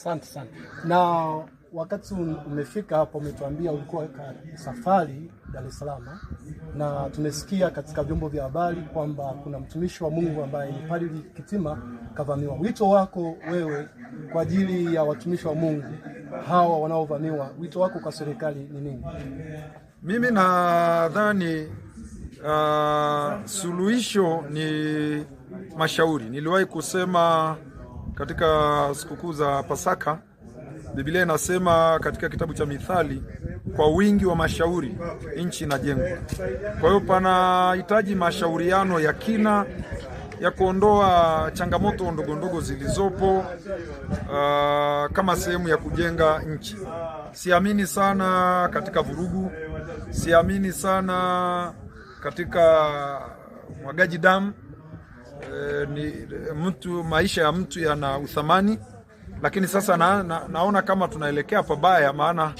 Asante sana. Na wakati umefika hapo, umetuambia ulikuwa safari Dar es Salaam, eh? na tumesikia katika vyombo vya habari kwamba kuna mtumishi wa Mungu ambaye ni Padri Kitima kavamiwa. Wito wako wewe kwa ajili ya watumishi wa Mungu hawa wanaovamiwa, wito wako kwa serikali ni nini? Mimi nadhani uh, suluhisho ni mashauri. Niliwahi kusema katika sikukuu za Pasaka, Biblia inasema katika kitabu cha Mithali, kwa wingi wa mashauri nchi inajengwa. Kwa hiyo panahitaji mashauriano ya kina ya kuondoa changamoto ndogo ndogo zilizopo, uh, kama sehemu ya kujenga nchi. Siamini sana katika vurugu, siamini sana katika mwagaji damu. Eh, ni eh, mtu, maisha ya mtu yana uthamani, lakini sasa na, na, naona kama tunaelekea pabaya, maana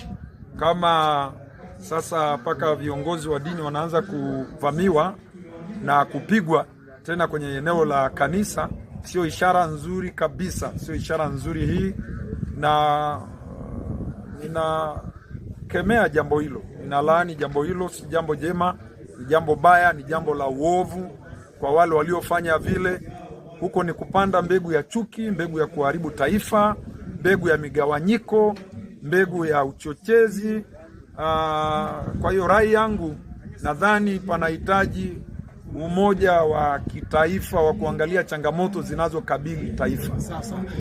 kama sasa mpaka viongozi wa dini wanaanza kuvamiwa na kupigwa tena kwenye eneo la kanisa, sio ishara nzuri kabisa, sio ishara nzuri hii, na eh, ninakemea jambo hilo, ninalaani jambo hilo, si jambo jema, ni jambo baya, ni jambo la uovu kwa wale waliofanya vile. Huko ni kupanda mbegu ya chuki, mbegu ya kuharibu taifa, mbegu ya migawanyiko, mbegu ya uchochezi. Aa, ah, kwa hiyo rai yangu nadhani panahitaji umoja wa kitaifa wa kuangalia changamoto zinazokabili taifa sasa.